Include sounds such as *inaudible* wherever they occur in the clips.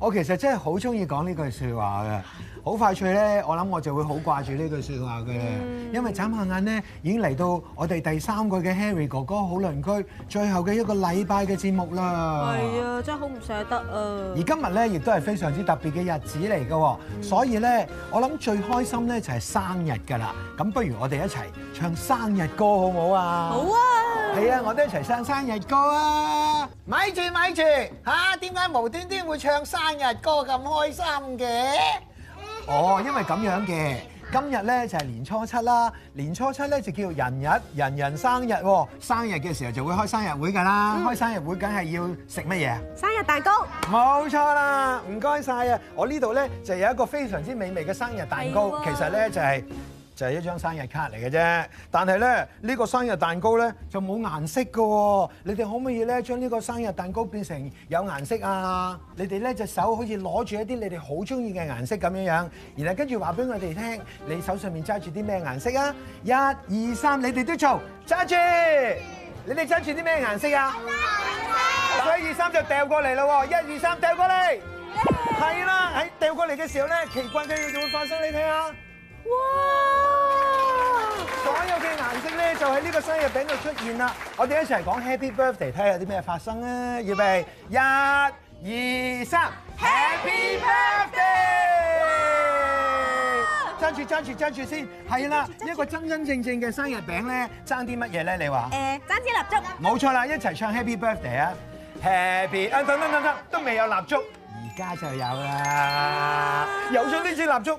我其實真係好中意講呢句説話嘅，好快脆咧，我諗我就會好掛住呢句説話嘅，因為眨下眼咧已經嚟到我哋第三個嘅 Harry 哥哥好鄰居最後嘅一個禮拜嘅節目啦。係啊，真係好唔捨得啊！而今日咧亦都係非常之特別嘅日子嚟嘅，所以咧我諗最開心咧就係生日㗎啦。咁不如我哋一齊唱生日歌好唔好啊？好啊！係啊，我哋一齊唱生日歌啊！咪住咪住吓，點解無端端會唱生日歌咁開心嘅？ *music* 哦，因為咁樣嘅，今日咧就係年初七啦，年初七咧就叫人日，人人生日，生日嘅時候就會開生日會㗎啦，開生日會梗係要食乜嘢？生日蛋糕。冇錯啦，唔該晒啊！我呢度咧就有一個非常之美味嘅生日蛋糕，其實咧就係、是。就係一張生日卡嚟嘅啫，但係咧呢個生日蛋糕咧就冇顏色㗎喎。你哋可唔可以咧將呢個生日蛋糕變成有顏色啊？你哋咧隻手好似攞住一啲你哋好中意嘅顏色咁樣樣，然後跟住話俾我哋聽，你手上面揸住啲咩顏色啊？一、二、三，你哋都做揸住，你哋揸住啲咩顏色啊？一色、二、三就掉過嚟咯喎！一、嗯、二、三掉過嚟，係啦，喺掉過嚟嘅時候咧，奇怪嘅嘢就會發生，你睇下。哇！所有嘅顏色咧就喺呢個生日餅度出現啦！我哋一齊講 Happy Birthday，睇下有啲咩發生啊！預備一、二、三，Happy Birthday！爭住爭住爭住先，係啦！一個真真正正嘅生日餅咧，爭啲乜嘢咧？你話誒爭支蠟燭？冇錯啦！一齊唱 Happy Birthday 啊！Happy 啊！等等等等，都未有蠟燭，而家就有啦！有咗呢支蠟燭。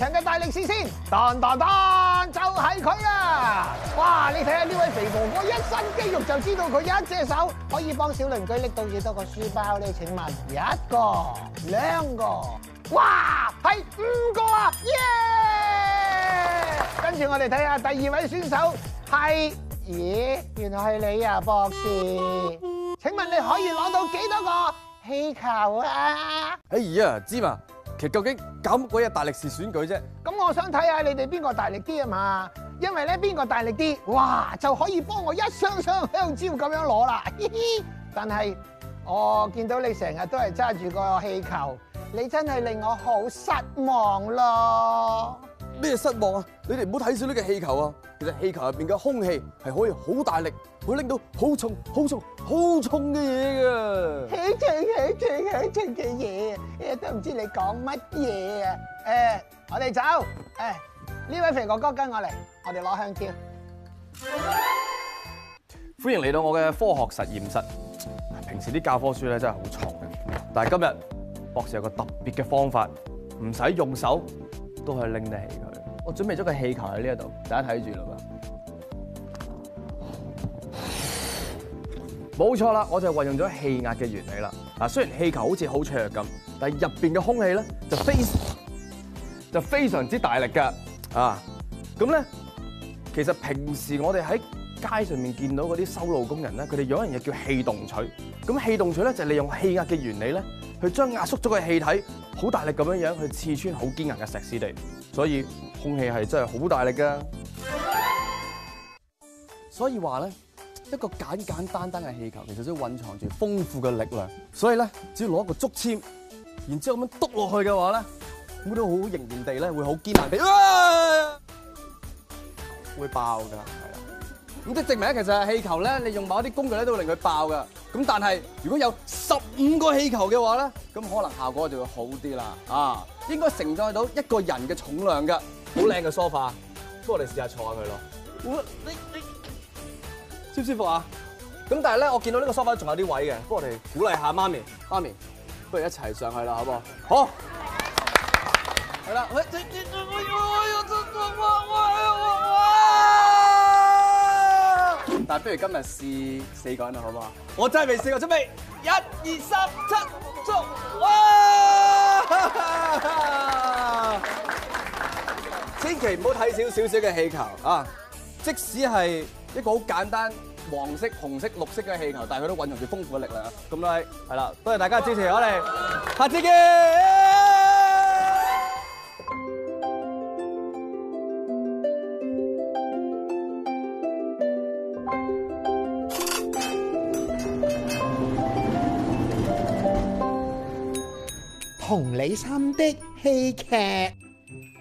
強嘅大力士先，當當當，就係佢啦！哇，你睇下呢位肥婆婆，一身肌肉就知道佢一隻手可以幫小鄰居拎到幾多個書包咧？請問一個、兩個，哇，係五個啊！耶、yeah！跟住我哋睇下第二位選手，係咦，原來係你啊，博士？請問你可以攞到幾多個氣球啊？哎呀，芝麻？其實究竟搞乜鬼嘢大力士選舉啫？咁我想睇下你哋邊個大力啲啊嘛！因為咧邊個大力啲，哇就可以幫我一箱箱香蕉咁樣攞啦。 *laughs* 但係我見到你成日都係揸住個氣球，你真係令我好失望咯。咩失望啊？你哋唔好睇少呢個氣球啊！其實氣球入邊嘅空氣係可以好大力，會拎到好重、好重、好重嘅嘢噶。起重、起重、起重嘅嘢，都唔知你講乜嘢啊！誒、uh,，我哋走，誒，呢位肥哥哥跟我嚟，我哋攞香蕉。歡迎嚟到我嘅科學實驗室。平時啲教科書咧真係好重嘅，但係今日博士有個特別嘅方法，唔使用，用手都係拎得起噶。我準備咗個氣球喺呢一度，大家睇住啦。冇錯啦，我就運用咗氣壓嘅原理啦。嗱，雖然氣球好似好脆弱咁，但係入邊嘅空氣咧就非就非常之大力嘅啊。咁咧，其實平時我哋喺街上面見到嗰啲修路工人咧，佢哋有一樣嘢叫氣動錘。咁氣動錘咧就係利用氣壓嘅原理咧，去將壓縮咗嘅氣體好大力咁樣樣去刺穿好堅硬嘅石屎地，所以，空氣係真係好大力㗎，所以話咧一個簡簡單單嘅氣球其實都蘊藏住豐富嘅力量，所以咧只要攞個竹籤，然之後咁樣篤落去嘅話咧，咁都好仍然地咧會好堅硬地，會，會爆㗎，係啦。咁即證明咧，其實氣球咧，你用某啲工具咧都會令佢爆㗎。咁但係如果有十五個氣球嘅話咧，咁可能效果就會好啲啦。啊，應該承載到一個人嘅重量㗎。好靚嘅梳化，不如我哋試下坐下佢咯。你你舒唔舒服啊？咁但係咧，我見到呢個梳化仲有啲位嘅，不如我哋鼓勵下媽咪，媽咪，不如一齊上去啦，好唔好？好。係啦，喂！停停！我要我要做做做，哇！但係不如今日試四個人啦，好唔好啊？我真係未試過準備，一、二、三、做做做，哇！ *laughs* 千祈唔好睇少少少嘅氣球啊！即使係一個好簡單黃色、紅色、綠色嘅氣球，但係佢都藴藏住豐富嘅力量。咁啦、就是，係啦，多謝大家支持，我哋、嗯、下次見。嗯、耶同理心的戲劇。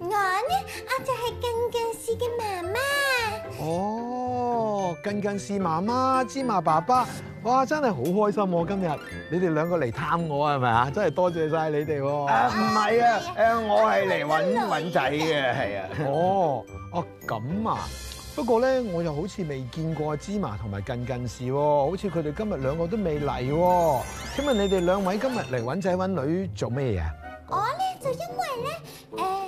我呢，我就係近近視嘅媽媽。哦，近近視媽媽芝麻爸爸，哇，真係好開心喎今日，你哋兩個嚟探我係咪啊？真係多謝晒你哋。啊，唔係啊，誒，我係嚟搵搵仔嘅，係啊。哦，啊咁啊，不過咧我又好似未見過芝麻同埋近近視，好似佢哋今日兩個都未嚟。請問你哋兩位今日嚟搵仔搵女做咩嘢啊？我呢就因為咧，誒。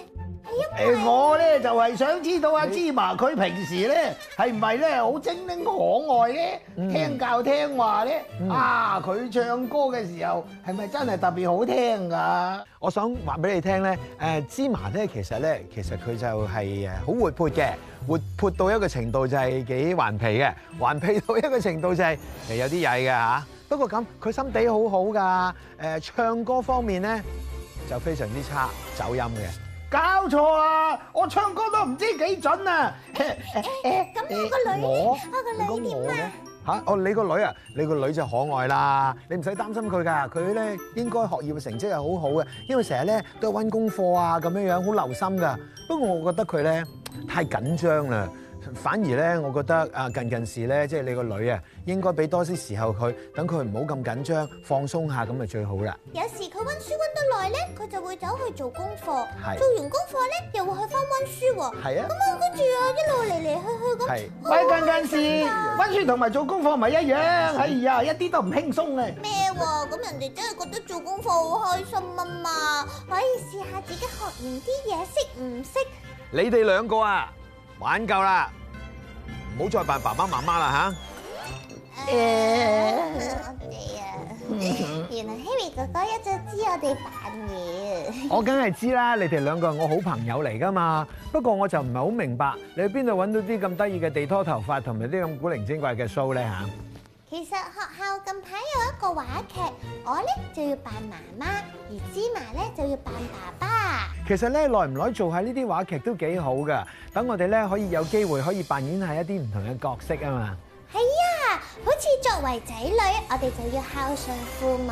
誒我咧就係想知道阿芝麻佢平時咧係唔係咧好精靈可愛咧？嗯、聽教聽話咧？嗯、啊佢唱歌嘅時候係咪真係特別好聽噶？我想話俾你聽咧，誒芝麻咧其實咧其實佢就係誒好活潑嘅，活潑到一個程度就係幾頑皮嘅，頑皮到一個程度就係誒有啲曳噶嚇。不過咁佢心地好好噶，誒唱歌方面咧就非常之差，走音嘅。搞錯啊！我唱歌都唔知幾準啊！咁你個女點？我個女點啊？嚇！哦，你個女啊，你個女，你個女就可愛啦，你唔使擔心佢噶，佢咧應該學業嘅成績係好好嘅，因為成日咧都係溫功課啊，咁樣樣好留心噶。不過我覺得佢咧太緊張啦。反而咧，我覺得啊，近近時咧，即係你個女啊，應該俾多啲時候佢，等佢唔好咁緊張，放鬆下咁咪最好啦。有時佢温書温得耐咧，佢就會走去做功課，做完功課咧又會去翻温書喎。係啊，咁啊跟住啊一路嚟嚟去去咁。係近近時，温書同埋做功課唔係一樣？係啊，一啲都唔輕鬆嘅。咩喎？咁人哋真係覺得做功課好開心啊嘛！可以試下自己學完啲嘢識唔識？你哋兩個啊，玩夠啦！唔好再扮爸爸媽媽啦嚇！誒，我哋啊，原來 Harry 哥哥一直知我哋扮嘢。我梗係知啦，你哋兩個係我好朋友嚟噶嘛。不過我就唔係好明白，你去邊度揾到啲咁得意嘅地拖頭髮，同埋啲咁古靈精怪嘅須咧嚇？其實學校近排有一個話劇，我咧就要扮媽媽，而芝麻咧就要扮爸爸。其實咧耐唔耐做下呢啲話劇都幾好噶，等我哋咧可以有機會可以扮演下一啲唔同嘅角色啊嘛。係啊，好似作為仔女，我哋就要孝順父母。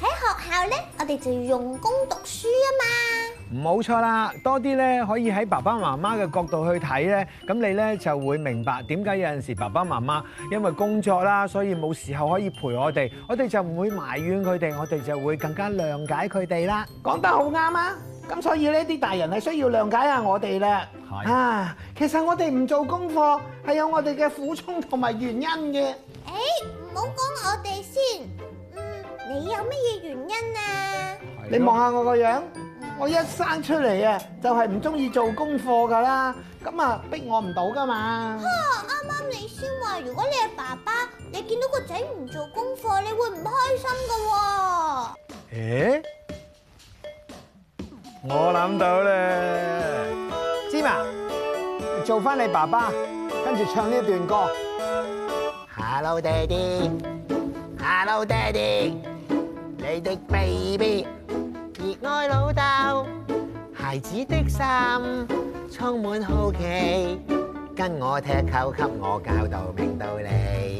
喺學校咧，我哋就要用功讀書啊嘛！冇錯啦，多啲咧可以喺爸爸媽媽嘅角度去睇咧，咁你咧就會明白點解有陣時爸爸媽媽因為工作啦，所以冇時候可以陪我哋，我哋就唔會埋怨佢哋，我哋就會更加諒解佢哋啦。講得好啱啊！咁所以呢啲大人係需要諒解下我哋啦。係啊，其實我哋唔做功課係有我哋嘅苦衷同埋原因嘅。誒，唔好講我哋先。你有乜嘢原因啊？你望下我個樣，我一生出嚟啊，就係唔中意做功課噶啦，咁啊逼我唔到噶嘛。哈，啱啱你先話，如果你係爸爸，你見到個仔唔做功課，你會唔開心噶喎？誒，我諗到咧，芝麻做翻你爸爸，跟住唱呢一段歌。Hello Daddy，Hello Daddy。你的 baby，熱愛老豆，孩子的心充滿好奇，跟我踢球，給我教導明道理。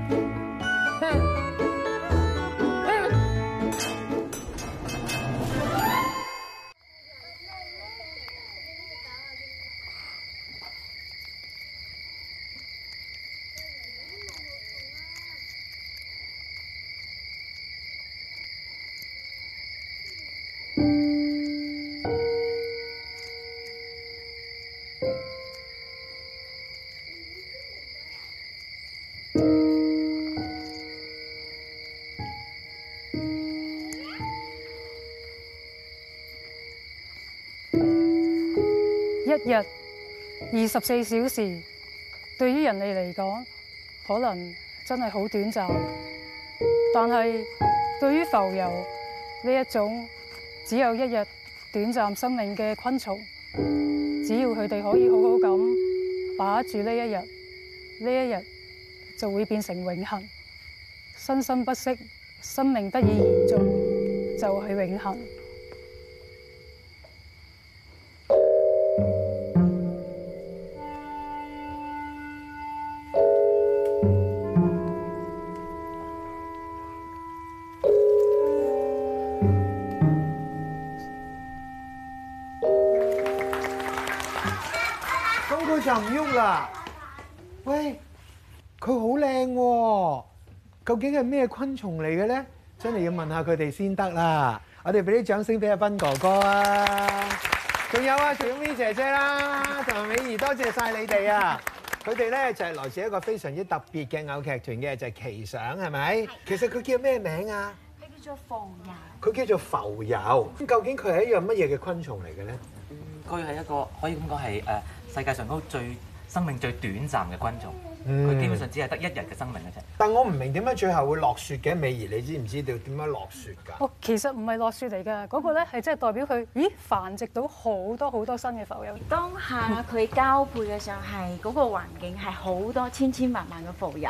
一日二十四小時，對於人類嚟講，可能真係好短暫。但係對於蜉蝣呢一種只有一日短暫生命嘅昆蟲，只要佢哋可以好好咁把握住呢一日，呢一日就會變成永恒。生生不息，生命得以延續，就係、是、永恒。就唔用啦！喂，佢好靚喎，究竟係咩昆蟲嚟嘅咧？真係要問下佢哋先得啦。我哋俾啲掌聲俾阿斌哥哥啊，仲有啊小 V 姐姐啦，同埋美兒，多謝晒你哋啊！佢哋咧就係來自一個非常之特別嘅偶劇團嘅，就係奇想，係咪？其實佢叫咩名啊？佢叫做浮游。佢叫做浮游。咁究竟佢係一樣乜嘢嘅昆蟲嚟嘅咧？佢係一個可以咁講係誒。世界上都最生命最短暫嘅昆蟲，佢、嗯、基本上只係得一日嘅生命嘅啫。但我唔明點解最後會落雪嘅？美兒，你知唔知道點樣落雪㗎？我、哦、其實唔係落雪嚟㗎，嗰、那個咧係即係代表佢，咦，繁殖到好多好多新嘅浮游。當下佢交配嘅時候，係、那、嗰個環境係好多千千萬萬嘅浮游，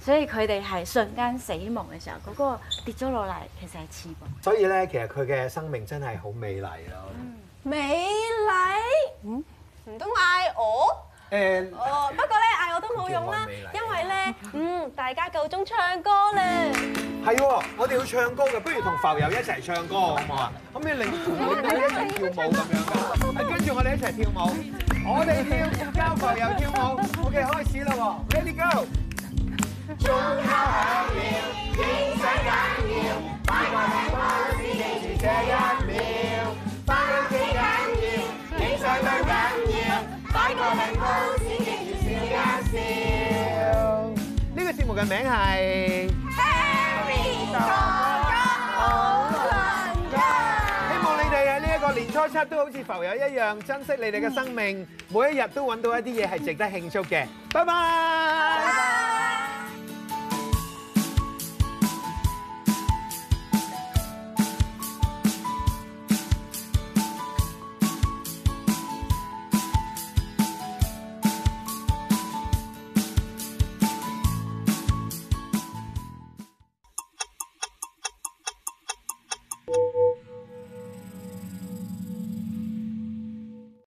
所以佢哋係瞬間死亡嘅時候，嗰、那個跌咗落嚟，其實係翅膀。所以咧，其實佢嘅生命真係好美麗咯。美麗。嗯。麗唔通嗌我？誒、 *music* 嗯，不過咧嗌我都冇用啦，因為咧，嗯，大家夠鍾唱歌啦。係，我哋要唱歌嘅，不如同浮游一齊唱歌好唔好啊？咁你嚟我哋一齊跳舞咁樣㗎，跟住我哋一齊跳舞。 *music* 我哋跳交浮游跳舞，好、okay, k 開始啦喎，Let it go。嘅名係，希望你哋喺呢一個年初七都好似浮遊一樣，珍惜你哋嘅生命，每一日都揾到一啲嘢係值得慶祝嘅，拜拜。